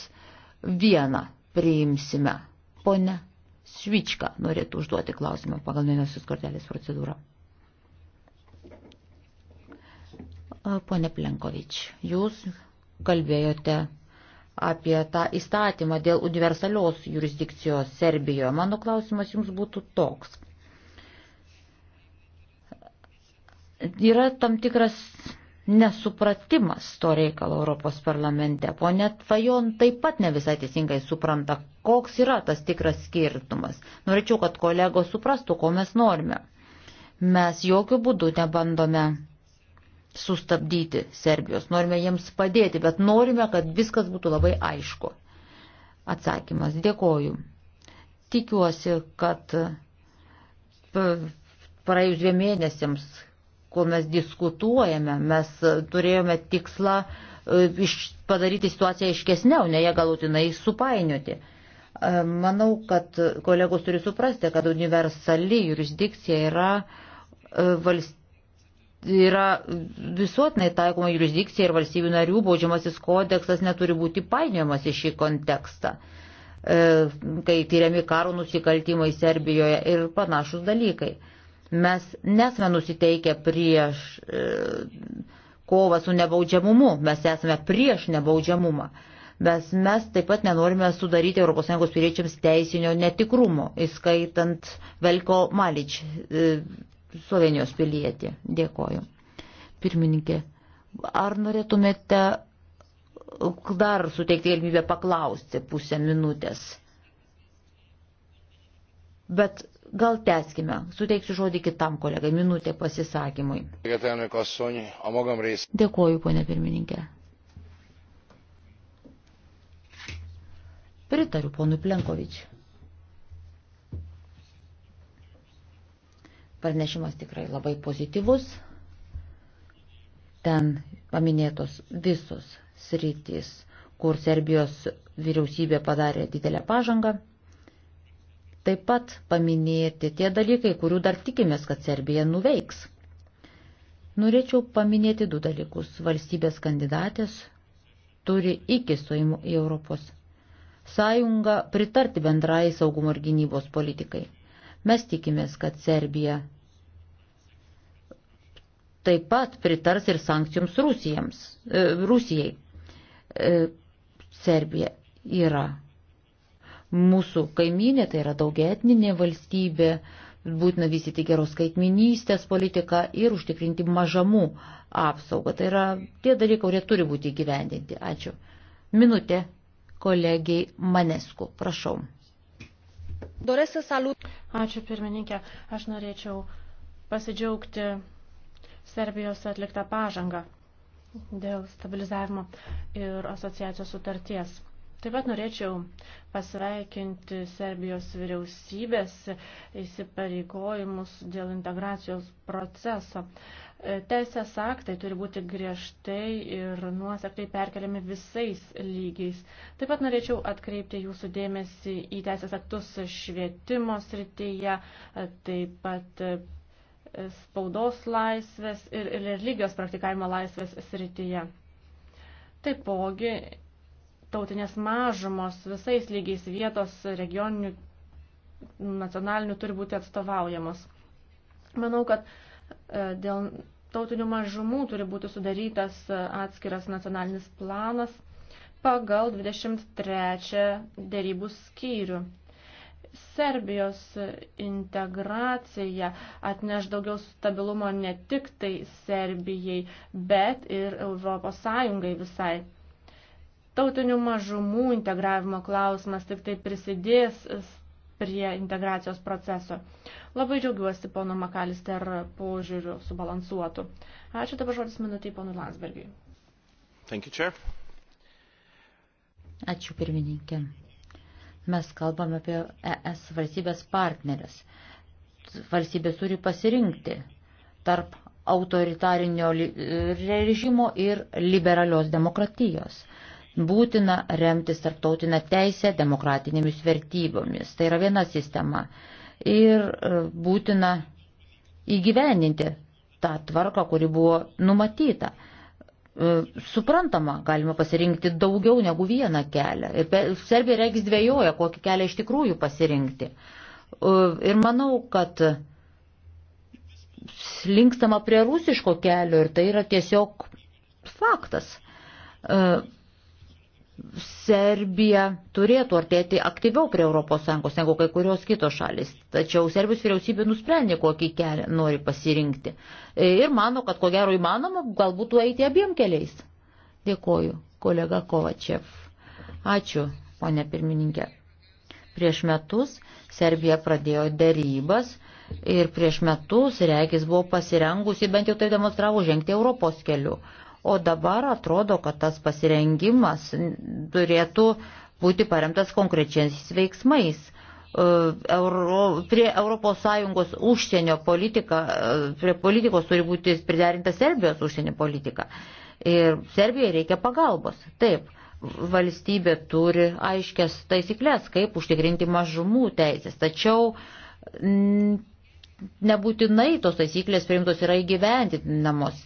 vieną priimsime. Pone Švička norėtų užduoti klausimą pagal mėlynosios kortelės procedūrą. E, pone Plenkovič, jūs kalbėjote apie tą įstatymą dėl universalios jurisdikcijos Serbijoje. Mano klausimas jums būtų toks. yra tam tikras nesupratimas to reikalo Europos parlamente. Pone Fajon taip pat ne visai teisingai supranta, koks yra tas tikras skirtumas. Norėčiau, kad kolegos suprastų, ko mes norime. Mes jokių būdų nebandome sustabdyti Serbijos. Norime jiems padėti, bet norime, kad viskas būtų labai aišku. Atsakymas. Dėkoju. Tikiuosi, kad praėjus dviem mėnesiams kol mes diskutuojame, mes e, turėjome tikslą e, padaryti situaciją aiškesnę, o ne ją galutinai supainioti. E, manau, kad kolegos turi suprasti, kad universali jurisdikcija yra, valst... yra visuotinai taikoma jurisdikcija ir valstybių narių baudžiamasis kodeksas neturi būti painiojamas į šį kontekstą kai tyriami karo nusikaltimai Serbijoje ir panašus dalykai. Mes nesame nusiteikę prieš e, kovą su nebaudžiamumu, mes esame prieš nebaudžiamumą. Mes, mes taip pat nenorime sudaryti ES piliečiams teisinio netikrumo, įskaitant Velko Malič, e, Slovenijos pilietį. Dėkoju. Pirmininkė, ar norėtumėte dar suteikti galimybę paklausti pusę minutės? Bet Gal teskime, suteiksiu žodį kitam kolegai, minutė pasisakymui. Dėkoju, ponė pirmininkė. Pritariu ponui Plenkovič. Pranešimas tikrai labai pozityvus. Ten paminėtos visos sritys, kur Serbijos vyriausybė padarė didelę pažangą taip pat paminėti tie dalykai, kurių dar tikimės, kad Serbija nuveiks. Norėčiau paminėti du dalykus. Valstybės kandidatės turi iki stojimo į Europos sąjungą pritarti bendrai saugumo ir gynybos politikai. Mes tikimės, kad Serbija taip pat pritars ir sankcijoms Rusijams, e, Rusijai. E, Serbija yra mūsų kaiminė, tai yra daugietninė valstybė, būtina vystyti geros skaitminystės politiką ir užtikrinti mažamų apsaugą. Tai yra tie dalykai, kurie turi būti gyvendinti. Ačiū. Minutė kolegiai Manesku. Prašau. Ačiū pirmininkė. Aš norėčiau pasidžiaugti Serbijos atliktą pažangą dėl stabilizavimo ir asociacijos sutarties. Taip pat norėčiau pasveikinti Serbijos vyriausybės įsipareigojimus dėl integracijos proceso. E, teisės aktai turi būti griežtai ir nuosekliai perkeliami visais lygiais. Taip pat norėčiau atkreipti jūsų dėmesį į teisės aktus švietimo srityje, e, taip pat e, spaudos laisvės ir religijos praktikavimo laisvės srityje. Taipogi tautinės mažumos visais lygiais vietos regioninių nacionalinių turi būti atstovaujamos. Manau, kad e, dėl tautinių mažumų turi būti sudarytas e, atskiras nacionalinis planas pagal 23 dėrybų skyrių. Serbijos integracija atneš daugiau stabilumo ne tik tai Serbijai, bet ir Europos Sąjungai visai. Tautinių mažumų integravimo klausimas tik tai prisidės prie integracijos proceso. Labai džiaugiuosi pono Makalister požiūriu subalansuotų. Ačiū dabar žodis minutai ponui Landsbergiui. Thank you, Chair. Ačiū pirmininkė. Mes kalbame apie ES valstybės partnerės. Valstybės turi pasirinkti tarp autoritarinio režimo ir liberalios demokratijos. Būtina remtis tarptautinę teisę demokratinėmis vertybomis. Tai yra viena sistema. Ir e, būtina įgyveninti tą tvarką, kuri buvo numatyta. E, suprantama, galima pasirinkti daugiau negu vieną kelią. Ir Serbija reiks dvėjoja, kokį kelią iš tikrųjų pasirinkti. E, ir manau, kad linkstama prie rusiško kelio ir tai yra tiesiog faktas. Serbija turėtų artėti aktyviau prie ES negu kai kurios kitos šalis. Tačiau Serbijos vyriausybė nusprendė, kokį kelią nori pasirinkti. Ir mano, kad ko gero įmanoma, galbūt eiti abiem keliais. Dėkoju, kolega Kovačev. Ačiū, ponė pirmininkė. Prieš metus Serbija pradėjo dėrybas ir prieš metus Reikis buvo pasirengusi, bent jau tai demonstravo, žengti Europos keliu o dabar atrodo, kad tas pasirengimas turėtų būti paremtas konkrečiais veiksmais. E, Euro, prie ES užsienio politika, e, prie politikos turi būti priderinta Serbijos užsienio politika. Ir Serbijai reikia pagalbos. Taip, valstybė turi aiškias taisyklės, kaip užtikrinti mažumų teisės. Tačiau nebūtinai tos taisyklės priimtos yra įgyvendinamos.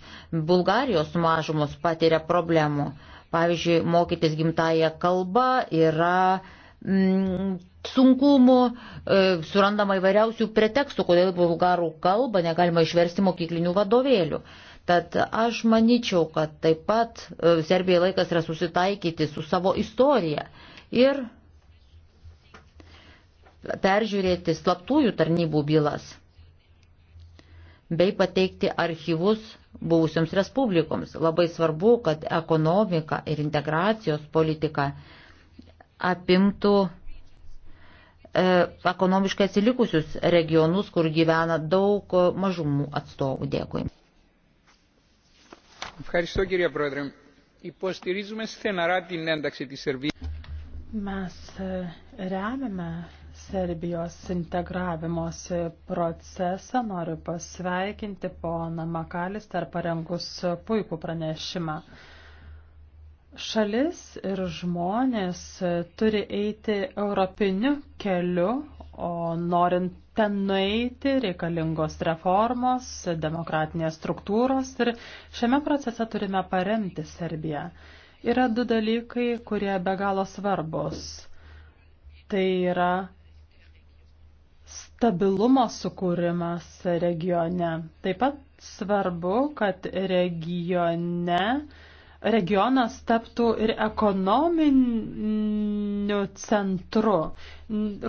Bulgarijos mažumos patiria problemų. Pavyzdžiui, mokytis gimtają kalbą yra mm, sunkumų, e, surandama įvairiausių pretekstų, kodėl bulgarų kalbą negalima išversti mokyklinių vadovėlių. Tad aš manyčiau, kad taip pat e, Serbijai laikas yra susitaikyti su savo istorija ir peržiūrėti slaptųjų tarnybų bylas bei pateikti archyvus buvusioms respublikoms. Labai svarbu, kad ekonomika ir integracijos politika apimtų e, ekonomiškai atsilikusius regionus, kur gyvena daug mažumų atstovų. Dėkui. Mes remiame Serbijos integravimosi procesą. Noriu pasveikinti poną Makalis tarp parengus puikų pranešimą. Šalis ir žmonės turi eiti europiniu keliu, o norint ten nueiti reikalingos reformos, demokratinės struktūros ir šiame procese turime paremti Serbiją. Yra du dalykai, kurie be galo svarbus. Tai yra stabilumo sukūrimas regione. Taip pat svarbu, kad regione regionas taptų ir ekonominiu centru.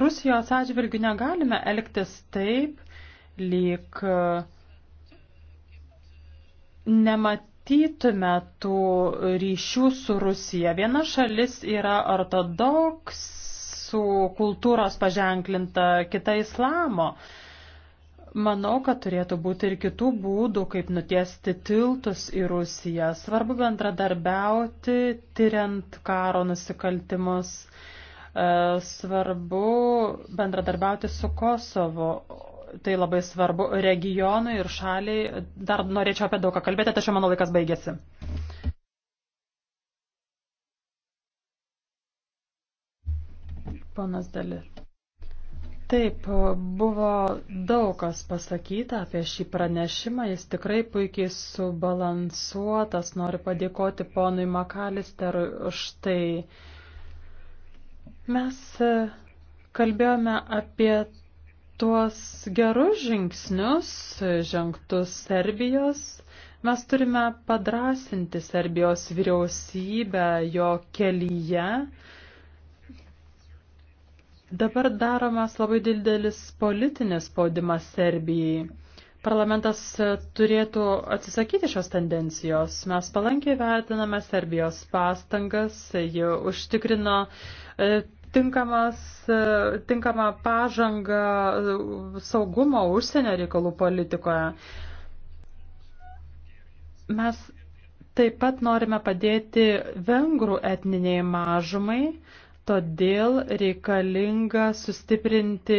Rusijos atžvilgių negalime elgtis taip, lyg nemat matytume tų ryšių su Rusija. Viena šalis yra ortodoks, mūsų kultūros paženklinta, kita islamo. Manau, kad turėtų būti ir kitų būdų, kaip nutiesti tiltus į Rusiją. Svarbu bendradarbiauti, tyriant karo nusikaltimus. E, svarbu bendradarbiauti su Kosovo. Tai labai svarbu regionui ir šaliai. Dar norėčiau apie daugą kalbėti, tačiau mano laikas baigėsi. Ponas Dali. Taip, buvo daug kas pasakyta apie šį pranešimą, jis tikrai puikiai subalansuotas, noriu padėkoti ponui Makalisterui už tai. Mes e, kalbėjome apie tuos gerus žingsnius e, žengtus Serbijos. Mes turime padrasinti Serbijos vyriausybę jo kelyje Dabar daromas labai didelis politinis spaudimas Serbijai. Parlamentas turėtų atsisakyti šios tendencijos. Mes palankiai vertiname Serbijos pastangas, ji užtikrino e, tinkamas, e, tinkamą pažangą e, saugumo užsienio reikalų politikoje. Mes taip pat norime padėti vengrų etniniai mažumai, Todėl reikalinga sustiprinti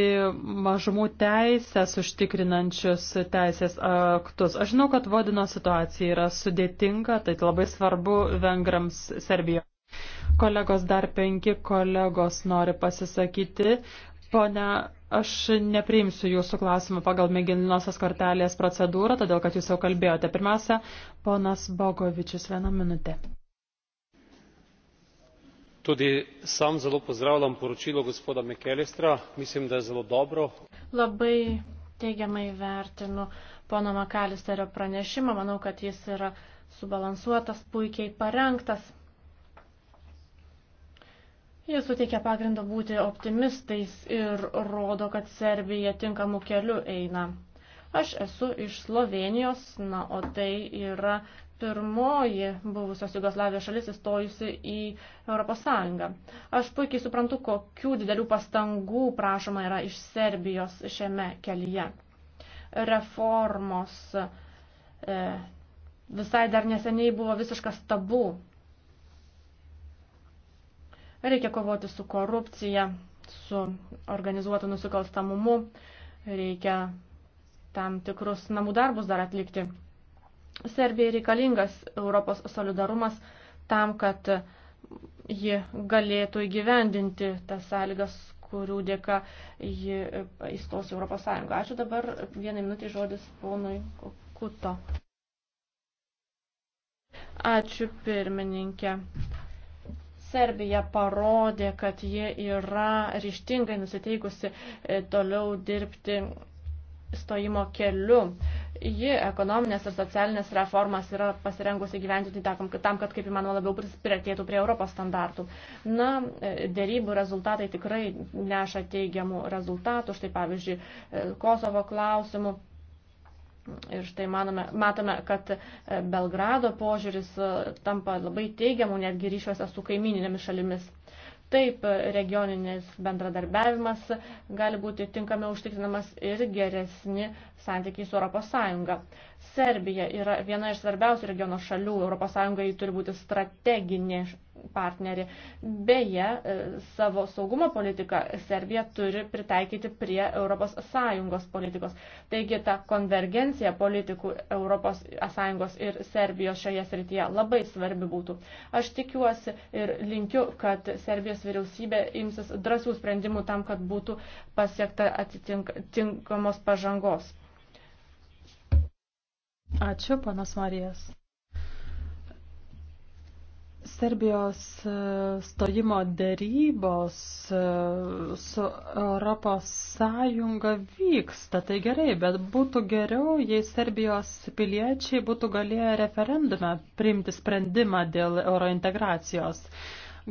mažumų teisės užtikrinančius teisės aktus. Aš žinau, kad Vodino situacija yra sudėtinga, tai labai svarbu vengrams Serbijoje. Kolegos, dar penki kolegos nori pasisakyti. Pone, aš nepriimsiu jūsų klausimą pagal mėgininosios kortelės procedūrą, todėl kad jūs jau kalbėjote. Pirmiausia, ponas Bogovičius, vieną minutę tudi sam zelo pozdravljam poročilo gospoda mcallistra mislim da je zelo dobro. labai teigiamai vertinu pono mcallisterio pranešimą manau kad jis yra subalansuotas puikiai parengtas. Jis suteikia pagrindą būti optimistais ir rodo, kad Serbija tinkamų kelių eina. Aš esu iš Slovenijos, na, o tai yra pirmoji buvusios Jugoslavijos šalis įstojusi į Europos Sąjungą. Aš puikiai suprantu, kokių didelių pastangų prašoma yra iš Serbijos šiame kelyje. Reformos e, visai dar neseniai buvo visiškas tabu. Reikia kovoti su korupcija, su organizuotu nusikalstamumu, reikia tam tikrus namų darbus dar atlikti. Serbijai reikalingas Europos solidarumas tam, kad ji galėtų įgyvendinti tas sąlygas, kurių dėka ji įstos Europos Sąjungą. Ačiū dabar vieną minutį žodis ponui Kuto. Ačiū pirmininkė. Serbija parodė, kad ji yra ryštingai nusiteikusi e, toliau dirbti stojimo keliu. Ji ekonominės ir socialinės reformas yra pasirengusi gyventi tai tam, kad kaip įmanoma labiau priartėtų prie Europos standartų. Na, e, dėrybų rezultatai tikrai neša teigiamų rezultatų, štai pavyzdžiui, e, Kosovo klausimų. Ir štai manome, matome, kad e, Belgrado požiūris tampa labai teigiamų netgi ryšiuose su kaimininėmis šalimis. Taip, regioninis bendradarbiavimas gali būti tinkamiau užtikrinamas ir geresni santykiai su ES. Serbija yra viena iš svarbiausių regiono šalių, ES turi būti strateginė partnerė. Beje, e, savo saugumo politiką Serbija turi pritaikyti prie ES politikos. Taigi ta konvergencija politikų ES ir Serbijos šioje srityje labai svarbi būtų. Aš tikiuosi ir linkiu, kad Serbijos vyriausybė imsis drąsių sprendimų tam, kad būtų pasiekta atitinkamos pažangos. Ačiū, panas Marijas. Serbijos e, stojimo dėrybos e, su Europos Sąjunga vyksta, tai gerai, bet būtų geriau, jei Serbijos piliečiai būtų galėję referendume priimti sprendimą dėl eurointegracijos.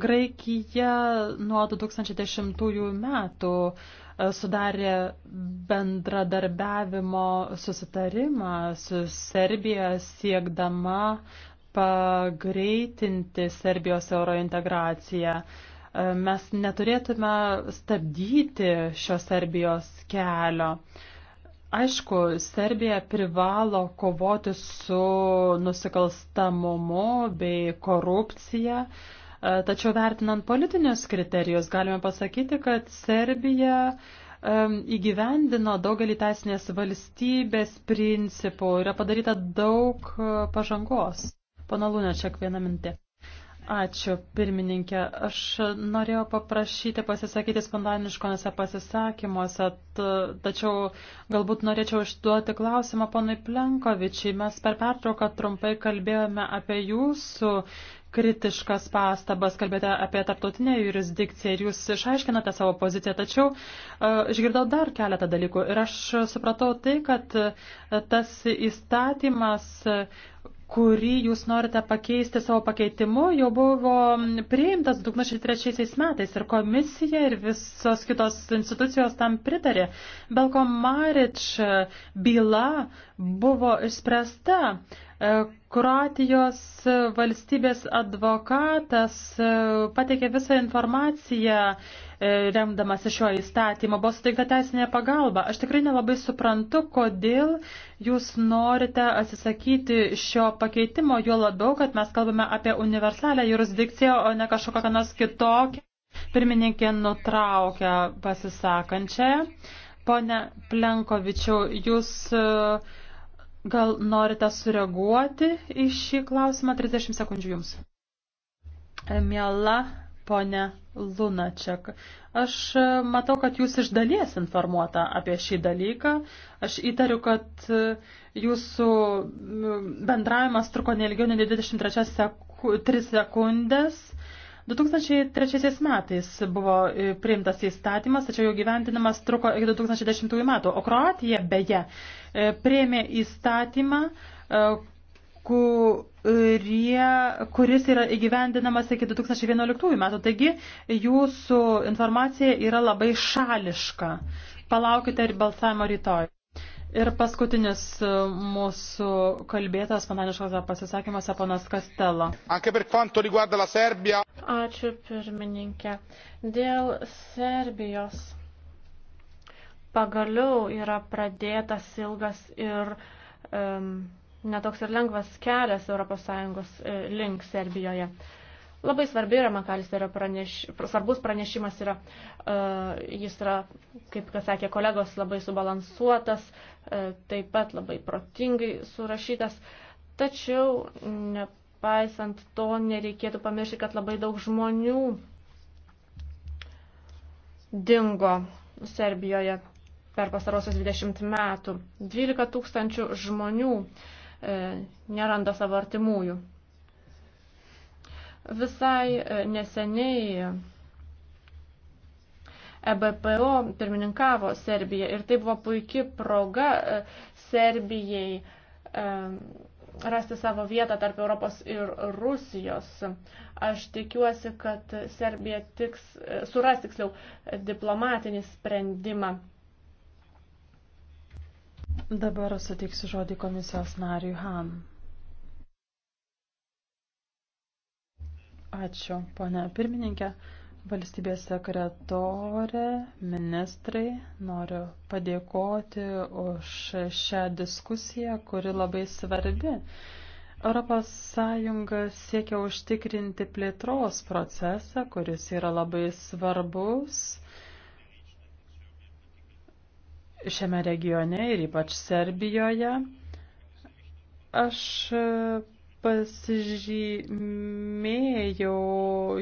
Graikija nuo 2010 metų sudarė bendradarbiavimo susitarimą su Serbija siekdama pagreitinti Serbijos eurointegraciją. Mes neturėtume stabdyti šio Serbijos kelio. Aišku, Serbija privalo kovoti su nusikalstamumu bei korupcija. Uh, E, tačiau vertinant politinius kriterijus, galime pasakyti, kad Serbija e, įgyvendino daugelį teisinės valstybės principų, yra padaryta daug e, pažangos. Pana Lunečiak, vieną mintį. Ačiū, pirmininkė. Aš norėjau paprašyti pasisakyti spontaniškose pasisakymuose, tačiau galbūt norėčiau išduoti klausimą ponui Plenkovičiai. Mes per pertrauką trumpai kalbėjome apie jūsų kritiškas pastabas, kalbėte apie tarptautinę jurisdikciją ir jūs išaiškinate savo poziciją, tačiau uh, išgirdau dar keletą dalykų ir aš supratau tai, kad uh, tas įstatymas, e, kurį jūs norite pakeisti savo pakeitimu, jau buvo priimtas 2003 metais ir komisija ir visos kitos institucijos tam pritarė. Belko Marič byla buvo išspręsta. Uh, Kroatijos valstybės advokatas e, pateikė visą informaciją e, remdamasi šio įstatymo, buvo suteikta teisinė pagalba. Aš tikrai nelabai suprantu, kodėl jūs norite atsisakyti šio pakeitimo, juo labiau, kad mes kalbame apie universalę jurisdikciją, o ne kažkokią nors kitokią. Pirmininkė nutraukia pasisakančią. Pone Plenkovičiu, jūs uh, Gal norite sureaguoti į šį klausimą? 30 sekundžių jums. E, miela ponė Lunačiak, aš e, matau, kad jūs iš dalies informuota apie šį dalyką. Aš įtariu, kad e, jūsų bendravimas truko neilgiau nei 23 sekundės. 2003 metais buvo e, priimtas įstatymas, tačiau jau gyventinimas truko iki 2010 metų, o Kroatija beje e, priėmė įstatymą, e, kurie, kuris yra įgyvendinamas iki 2011 metų. Taigi jūsų informacija yra labai šališka. Palaukite ir balsavimo rytoj. Ir paskutinis mūsų kalbėtas spontaniškose pasisakymuose ponas Kastelo. Ačiū pirmininkė. Dėl Serbijos pagaliau yra pradėtas ilgas ir um, netoks ir lengvas kelias ES e, link Serbijoje. Uh, Labai svarbi yra Makalis, tai yra praneš, svarbus pranešimas yra, uh, jis yra, kaip kas sakė kolegos, labai subalansuotas, uh, taip pat labai protingai surašytas. Tačiau, nepaisant to, nereikėtų pamiršti, kad labai daug žmonių dingo Serbijoje per pastarosius 20 metų. 12 tūkstančių žmonių e, neranda savo artimųjų. Visai e, neseniai EBPO pirmininkavo Serbija ir tai buvo puikia proga e, Serbijai e, rasti savo vietą tarp Europos ir Rusijos. Aš tikiuosi, kad Serbija tiks, suras tiksliau diplomatinį sprendimą. Dabar suteiksiu žodį komisijos nariui Han. Ačiū, ponia pirmininkė. Valstybės sekretorė, ministrai, noriu padėkoti už šią diskusiją, kuri labai svarbi. Europos Sąjunga siekia užtikrinti plėtros procesą, kuris yra labai svarbus šiame regione ir ypač Serbijoje. Aš pasižymėjau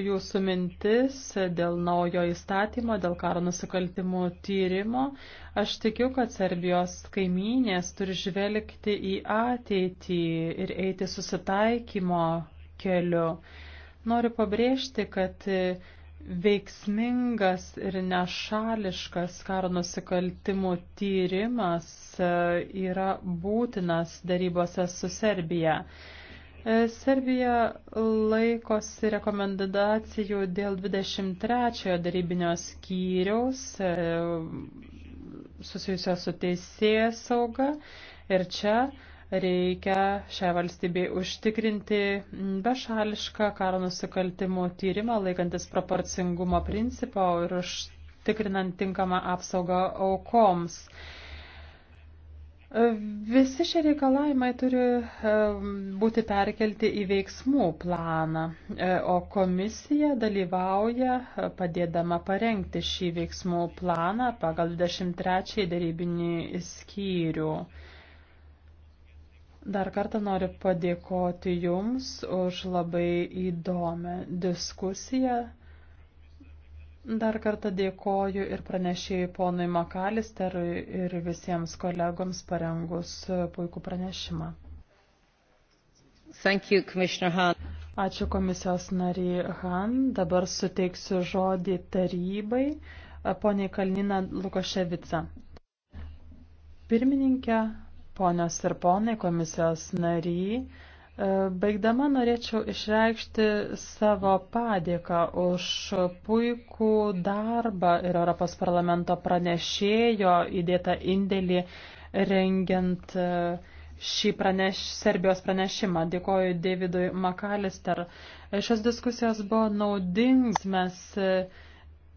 jūsų mintis dėl naujo įstatymo, dėl karo nusikaltimų tyrimo. Aš tikiu, kad Serbijos kaimynės turi žvelgti į ateitį ir eiti susitaikymo keliu. Noriu pabrėžti, kad veiksmingas ir nešališkas karo nusikaltimų tyrimas yra būtinas darybose su Serbija. E, Serbija laikosi rekomendacijų dėl 23 darybinio skyriaus e, susijusio su teisėje sauga ir čia reikia šią valstybę užtikrinti bešališką karo nusikaltimų tyrimą laikantis proporcingumo principo ir užtikrinant tinkamą apsaugą aukoms. Visi šie reikalavimai turi būti perkelti į veiksmų planą, e, o komisija dalyvauja e, padėdama parengti šį veiksmų planą pagal 23 darybinį skyrių. Dar kartą noriu padėkoti Jums už labai įdomią diskusiją. Dar kartą dėkoju ir pranešėjai ponui Makalisterui ir visiems kolegoms parengus puikų pranešimą. Thank you, Commissioner Hahn. Ačiū komisijos nariai Han. Dabar suteiksiu žodį tarybai poniai Kalnina Lukoševica. Pirmininkė, ponios ir ponai, komisijos nariai. E, baigdama norėčiau išreikšti savo padėką už puikų darbą ir Europos parlamento pranešėjo įdėtą indėlį rengiant e, šį praneš, Serbijos pranešimą. Dėkoju Davidui Makalister. E, šios diskusijos buvo naudings. Mes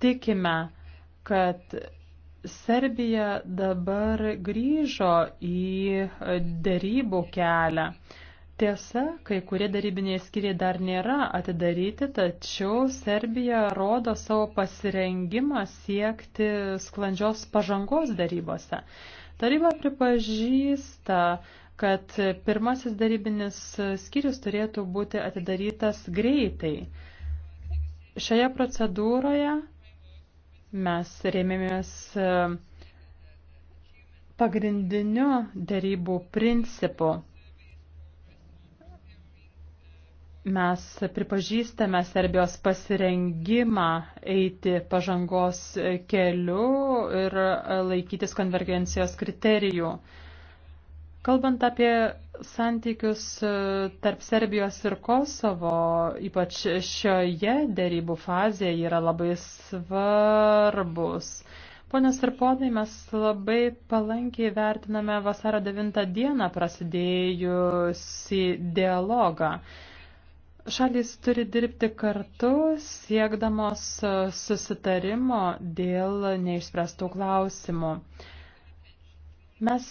tikime, kad Serbija dabar grįžo į dėrybų kelią. Tiesa, kai kurie darybiniai skyriai dar nėra atidaryti, tačiau Serbija rodo savo pasirengimą siekti sklandžios pažangos darybose. Taryba pripažįsta, kad pirmasis darybinis skyrius turėtų būti atidarytas greitai. Šioje procedūroje mes rėmėmės e, pagrindiniu darybų principu Mes pripažįstame Serbijos pasirengimą eiti pažangos keliu ir laikytis konvergencijos kriterijų. Kalbant apie santykius e, tarp Serbijos ir Kosovo, ypač šioje dėrybų fazėje yra labai svarbus. Ponios ir ponai, mes labai palankiai vertiname vasaro 9 dieną prasidėjusį dialogą. Šalys turi dirbti kartu, siekdamos susitarimo dėl neišspręstų klausimų. Mes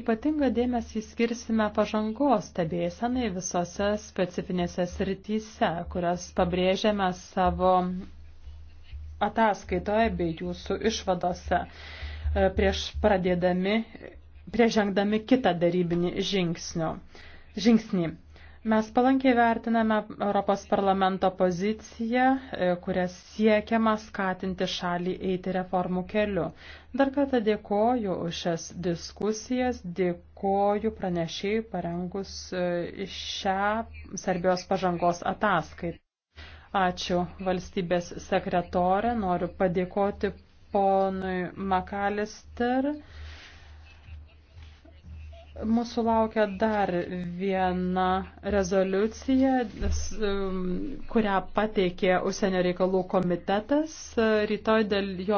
ypatingą dėmesį skirsime pažangos stebėsenai visose specifinėse srityse, kurias pabrėžiame savo ataskaitoje bei jūsų išvadose e, prieš pradėdami, prieš žengdami kitą darybinį žingsnį. Mes palankiai vertiname Europos parlamento poziciją, e, kuria siekiama skatinti šalį eiti reformų keliu. Dar kartą dėkoju už šias diskusijas, dėkoju pranešėjai parengus e, šią Serbijos pažangos ataskaitą. Ačiū valstybės sekretorė, noriu padėkoti ponui Makalister. Mūsų laukia dar viena rezoliucija, um, kurią pateikė Užsienio reikalų komitetas. Uh, rytoj dėl jo